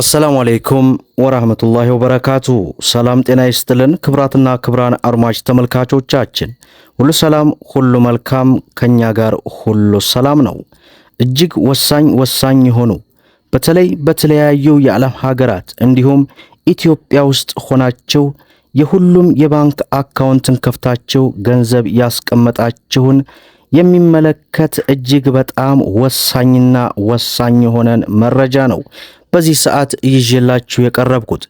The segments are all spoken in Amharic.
አሰላሙ አለይኩም ወራህመቱላሂ ወበረካቱ። ሰላም ጤና ይስጥልን ክብራትና ክብራን አድማጭ ተመልካቾቻችን ሁሉ ሰላም ሁሉ መልካም፣ ከኛ ጋር ሁሉ ሰላም ነው። እጅግ ወሳኝ ወሳኝ የሆኑ በተለይ በተለያዩ የዓለም ሀገራት እንዲሁም ኢትዮጵያ ውስጥ ሆናችሁ የሁሉም የባንክ አካውንትን ከፍታችሁ ገንዘብ ያስቀመጣችሁን የሚመለከት እጅግ በጣም ወሳኝና ወሳኝ የሆነን መረጃ ነው። በዚህ ሰዓት ይዤላችሁ የቀረብኩት።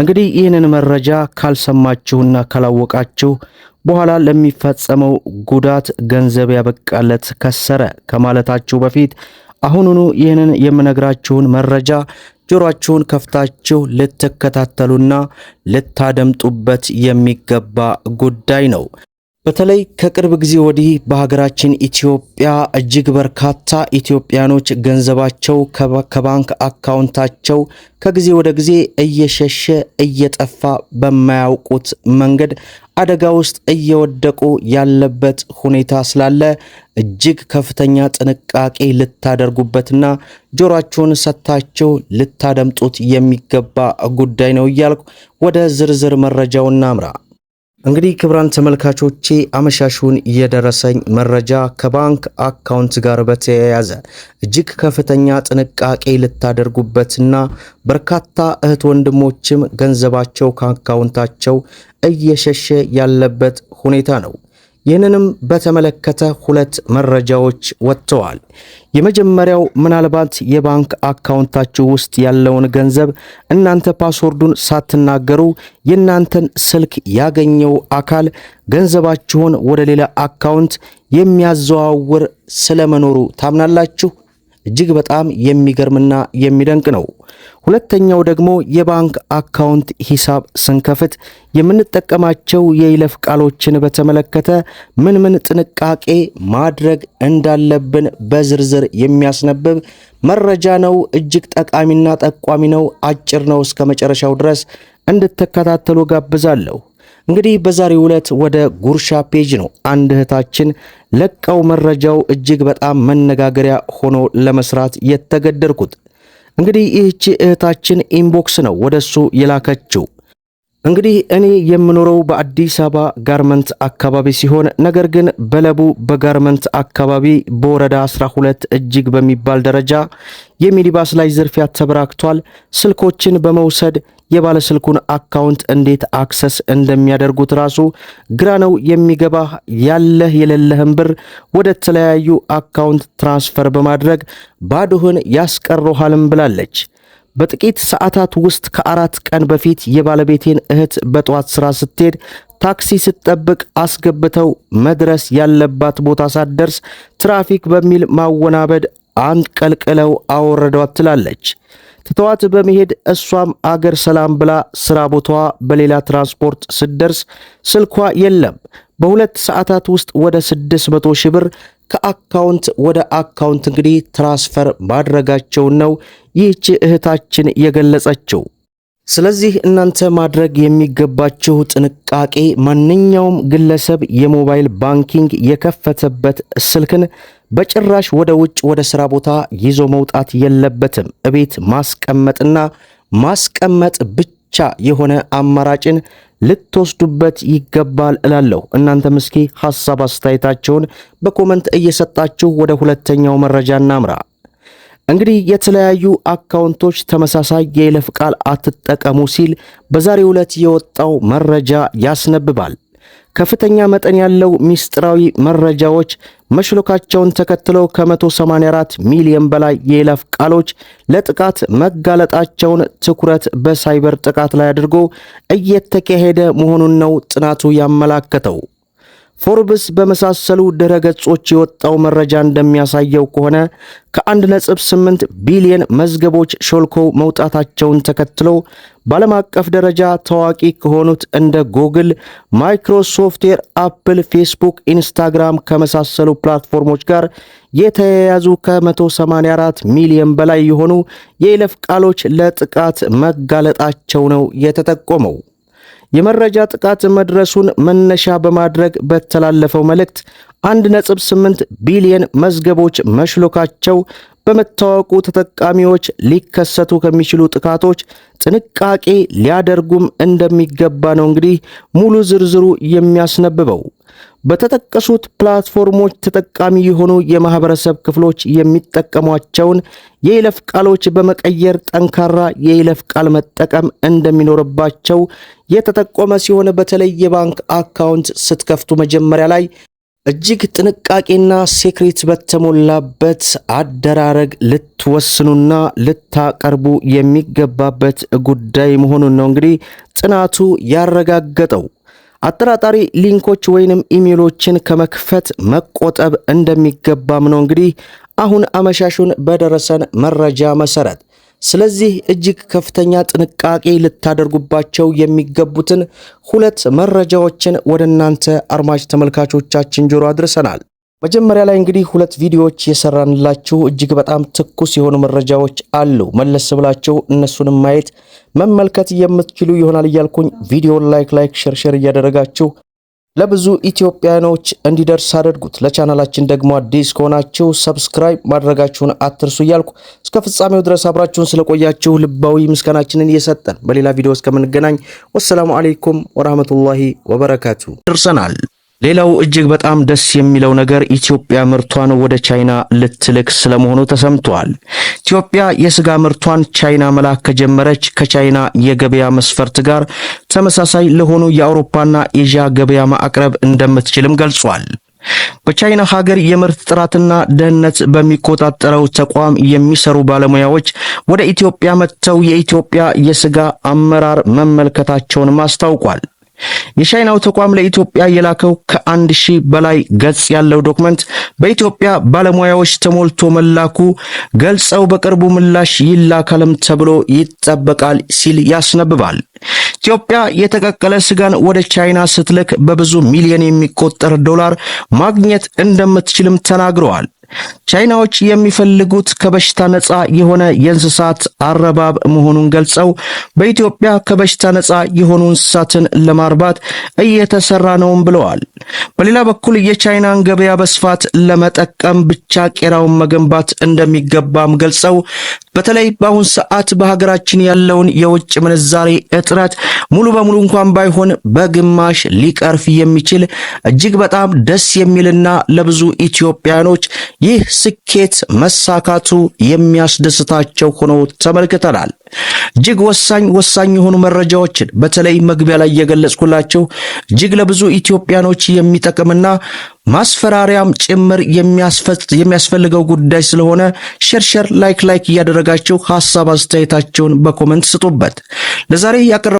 እንግዲህ ይህንን መረጃ ካልሰማችሁና ካላወቃችሁ በኋላ ለሚፈጸመው ጉዳት ገንዘብ ያበቃለት ከሰረ ከማለታችሁ በፊት አሁኑኑ ይህንን የምነግራችሁን መረጃ ጆሮአችሁን ከፍታችሁ ልትከታተሉና ልታደምጡበት የሚገባ ጉዳይ ነው። በተለይ ከቅርብ ጊዜ ወዲህ በሀገራችን ኢትዮጵያ እጅግ በርካታ ኢትዮጵያኖች ገንዘባቸው ከባንክ አካውንታቸው ከጊዜ ወደ ጊዜ እየሸሸ እየጠፋ በማያውቁት መንገድ አደጋ ውስጥ እየወደቁ ያለበት ሁኔታ ስላለ እጅግ ከፍተኛ ጥንቃቄ ልታደርጉበትና ጆሯችሁን ሰጥታችሁ ልታደምጡት የሚገባ ጉዳይ ነው እያልኩ ወደ ዝርዝር መረጃው እናምራ። እንግዲህ ክብራን ተመልካቾቼ አመሻሹን የደረሰኝ መረጃ ከባንክ አካውንት ጋር በተያያዘ እጅግ ከፍተኛ ጥንቃቄ ልታደርጉበትና በርካታ እህት ወንድሞችም ገንዘባቸው ከአካውንታቸው እየሸሸ ያለበት ሁኔታ ነው። ይህንንም በተመለከተ ሁለት መረጃዎች ወጥተዋል። የመጀመሪያው ምናልባት የባንክ አካውንታችሁ ውስጥ ያለውን ገንዘብ እናንተ ፓስወርዱን ሳትናገሩ የእናንተን ስልክ ያገኘው አካል ገንዘባችሁን ወደ ሌላ አካውንት የሚያዘዋውር ስለመኖሩ ታምናላችሁ? እጅግ በጣም የሚገርምና የሚደንቅ ነው። ሁለተኛው ደግሞ የባንክ አካውንት ሂሳብ ስንከፍት የምንጠቀማቸው የይለፍ ቃሎችን በተመለከተ ምን ምን ጥንቃቄ ማድረግ እንዳለብን በዝርዝር የሚያስነብብ መረጃ ነው። እጅግ ጠቃሚና ጠቋሚ ነው። አጭር ነው። እስከ መጨረሻው ድረስ እንድትከታተሉ ጋብዛለሁ። እንግዲህ በዛሬው ዕለት ወደ ጉርሻ ፔጅ ነው አንድ እህታችን ለቀው መረጃው እጅግ በጣም መነጋገሪያ ሆኖ ለመስራት የተገደድኩት። እንግዲህ ይህቺ እህታችን ኢንቦክስ ነው ወደሱ የላከችው እንግዲህ እኔ የምኖረው በአዲስ አበባ ጋርመንት አካባቢ ሲሆን ነገር ግን በለቡ በጋርመንት አካባቢ በወረዳ 12 እጅግ በሚባል ደረጃ የሚኒባስ ላይ ዝርፊያ ተበራክቷል። ስልኮችን በመውሰድ የባለስልኩን አካውንት እንዴት አክሰስ እንደሚያደርጉት ራሱ ግራ ነው የሚገባ። ያለህ የሌለህም ብር ወደ ተለያዩ አካውንት ትራንስፈር በማድረግ ባዶህን ያስቀረሃልም ብላለች። በጥቂት ሰዓታት ውስጥ ከአራት ቀን በፊት የባለቤቴን እህት በጠዋት ሥራ ስትሄድ ታክሲ ስትጠብቅ አስገብተው መድረስ ያለባት ቦታ ሳትደርስ ትራፊክ በሚል ማወናበድ አንቀልቅለው አወረዷት ትላለች። ትተዋት በመሄድ እሷም አገር ሰላም ብላ ስራ ቦታዋ በሌላ ትራንስፖርት ስትደርስ ስልኳ የለም። በሁለት ሰዓታት ውስጥ ወደ 600 ሺህ ብር ከአካውንት ወደ አካውንት እንግዲህ ትራንስፈር ማድረጋቸውን ነው ይህች እህታችን የገለጸችው። ስለዚህ እናንተ ማድረግ የሚገባችሁ ጥንቃቄ፣ ማንኛውም ግለሰብ የሞባይል ባንኪንግ የከፈተበት ስልክን በጭራሽ ወደ ውጭ ወደ ስራ ቦታ ይዞ መውጣት የለበትም። እቤት ማስቀመጥና ማስቀመጥ ብቻ የሆነ አማራጭን ልትወስዱበት ይገባል እላለሁ። እናንተም እስኪ ሐሳብ አስተያየታችሁን በኮመንት እየሰጣችሁ ወደ ሁለተኛው መረጃ እናምራ። እንግዲህ የተለያዩ አካውንቶች ተመሳሳይ የይለፍ ቃል አትጠቀሙ ሲል በዛሬው ዕለት የወጣው መረጃ ያስነብባል። ከፍተኛ መጠን ያለው ሚስጥራዊ መረጃዎች መሽሎካቸውን ተከትሎ ከ184 ሚሊዮን በላይ የይለፍ ቃሎች ለጥቃት መጋለጣቸውን ትኩረት በሳይበር ጥቃት ላይ አድርጎ እየተካሄደ መሆኑን ነው ጥናቱ ያመላከተው። ፎርብስ በመሳሰሉ ድረገጾች የወጣው መረጃ እንደሚያሳየው ከሆነ ከ1.8 ቢሊዮን መዝገቦች ሾልከው መውጣታቸውን ተከትሎ በዓለም አቀፍ ደረጃ ታዋቂ ከሆኑት እንደ ጉግል፣ ማይክሮሶፍትዌር፣ አፕል፣ ፌስቡክ፣ ኢንስታግራም ከመሳሰሉ ፕላትፎርሞች ጋር የተያያዙ ከ184 ሚሊዮን በላይ የሆኑ የይለፍ ቃሎች ለጥቃት መጋለጣቸው ነው የተጠቆመው። የመረጃ ጥቃት መድረሱን መነሻ በማድረግ በተላለፈው መልእክት 1.8 ቢሊየን መዝገቦች መሽሎካቸው በመታወቁ ተጠቃሚዎች ሊከሰቱ ከሚችሉ ጥቃቶች ጥንቃቄ ሊያደርጉም እንደሚገባ ነው እንግዲህ ሙሉ ዝርዝሩ የሚያስነብበው። በተጠቀሱት ፕላትፎርሞች ተጠቃሚ የሆኑ የማህበረሰብ ክፍሎች የሚጠቀሟቸውን የይለፍ ቃሎች በመቀየር ጠንካራ የይለፍ ቃል መጠቀም እንደሚኖርባቸው የተጠቆመ ሲሆን በተለይ የባንክ አካውንት ስትከፍቱ መጀመሪያ ላይ እጅግ ጥንቃቄና ሴክሬት በተሞላበት አደራረግ ልትወስኑና ልታቀርቡ የሚገባበት ጉዳይ መሆኑን ነው እንግዲህ ጥናቱ ያረጋገጠው። አጠራጣሪ ሊንኮች ወይንም ኢሜሎችን ከመክፈት መቆጠብ እንደሚገባም ነው እንግዲህ አሁን አመሻሹን በደረሰን መረጃ መሰረት ስለዚህ እጅግ ከፍተኛ ጥንቃቄ ልታደርጉባቸው የሚገቡትን ሁለት መረጃዎችን ወደ እናንተ አድማጭ ተመልካቾቻችን ጆሮ አድርሰናል። መጀመሪያ ላይ እንግዲህ ሁለት ቪዲዮዎች የሰራንላችሁ እጅግ በጣም ትኩስ የሆኑ መረጃዎች አሉ። መለስ ብላችሁ እነሱንም ማየት መመልከት የምትችሉ ይሆናል እያልኩኝ ቪዲዮን ላይክ ላይክ ሸርሸር እያደረጋችሁ ለብዙ ኢትዮጵያኖች እንዲደርስ አድርጉት። ለቻናላችን ደግሞ አዲስ ከሆናችሁ ሰብስክራይብ ማድረጋችሁን አትርሱ እያልኩ እስከ ፍጻሜው ድረስ አብራችሁን ስለቆያችሁ ልባዊ ምስጋናችንን እየሰጠን በሌላ ቪዲዮ እስከምንገናኝ ወሰላሙ አሌይኩም ወራህመቱላሂ ወበረካቱ ደርሰናል። ሌላው እጅግ በጣም ደስ የሚለው ነገር ኢትዮጵያ ምርቷን ወደ ቻይና ልትልክ ስለመሆኑ ተሰምቷል። ኢትዮጵያ የስጋ ምርቷን ቻይና መላክ ከጀመረች ከቻይና የገበያ መስፈርት ጋር ተመሳሳይ ለሆኑ የአውሮፓና ኤዥያ ገበያ ማቅረብ እንደምትችልም ገልጿል። በቻይና ሀገር የምርት ጥራትና ደህንነት በሚቆጣጠረው ተቋም የሚሰሩ ባለሙያዎች ወደ ኢትዮጵያ መጥተው የኢትዮጵያ የስጋ አመራር መመልከታቸውን አስታውቋል። የቻይናው ተቋም ለኢትዮጵያ የላከው ከአንድ ሺህ በላይ ገጽ ያለው ዶክመንት በኢትዮጵያ ባለሙያዎች ተሞልቶ መላኩ ገልጸው በቅርቡ ምላሽ ይላከለም ተብሎ ይጠበቃል ሲል ያስነብባል። ኢትዮጵያ የተቀቀለ ስጋን ወደ ቻይና ስትልክ በብዙ ሚሊዮን የሚቆጠር ዶላር ማግኘት እንደምትችልም ተናግረዋል። ቻይናዎች የሚፈልጉት ከበሽታ ነፃ የሆነ የእንስሳት አረባብ መሆኑን ገልጸው በኢትዮጵያ ከበሽታ ነፃ የሆኑ እንስሳትን ለማርባት እየተሰራ ነውም ብለዋል። በሌላ በኩል የቻይናን ገበያ በስፋት ለመጠቀም ብቻ ቄራውን መገንባት እንደሚገባም ገልጸው በተለይ በአሁን ሰዓት በሀገራችን ያለውን የውጭ ምንዛሬ እጥረት ሙሉ በሙሉ እንኳን ባይሆን በግማሽ ሊቀርፍ የሚችል እጅግ በጣም ደስ የሚልና ለብዙ ኢትዮጵያኖች ይህ ስኬት መሳካቱ የሚያስደስታቸው ሆኖ ተመልክተናል። እጅግ ወሳኝ ወሳኝ የሆኑ መረጃዎችን በተለይ መግቢያ ላይ እየገለጽኩላቸው እጅግ ለብዙ ኢትዮጵያኖች የሚጠቅምና ማስፈራሪያም ጭምር የሚያስፈልገው ጉዳይ ስለሆነ ሸርሸር ላይክ ላይክ እያደረጋቸው ሀሳብ አስተያየታቸውን በኮመንት ስጡበት። ለዛሬ ያቀረ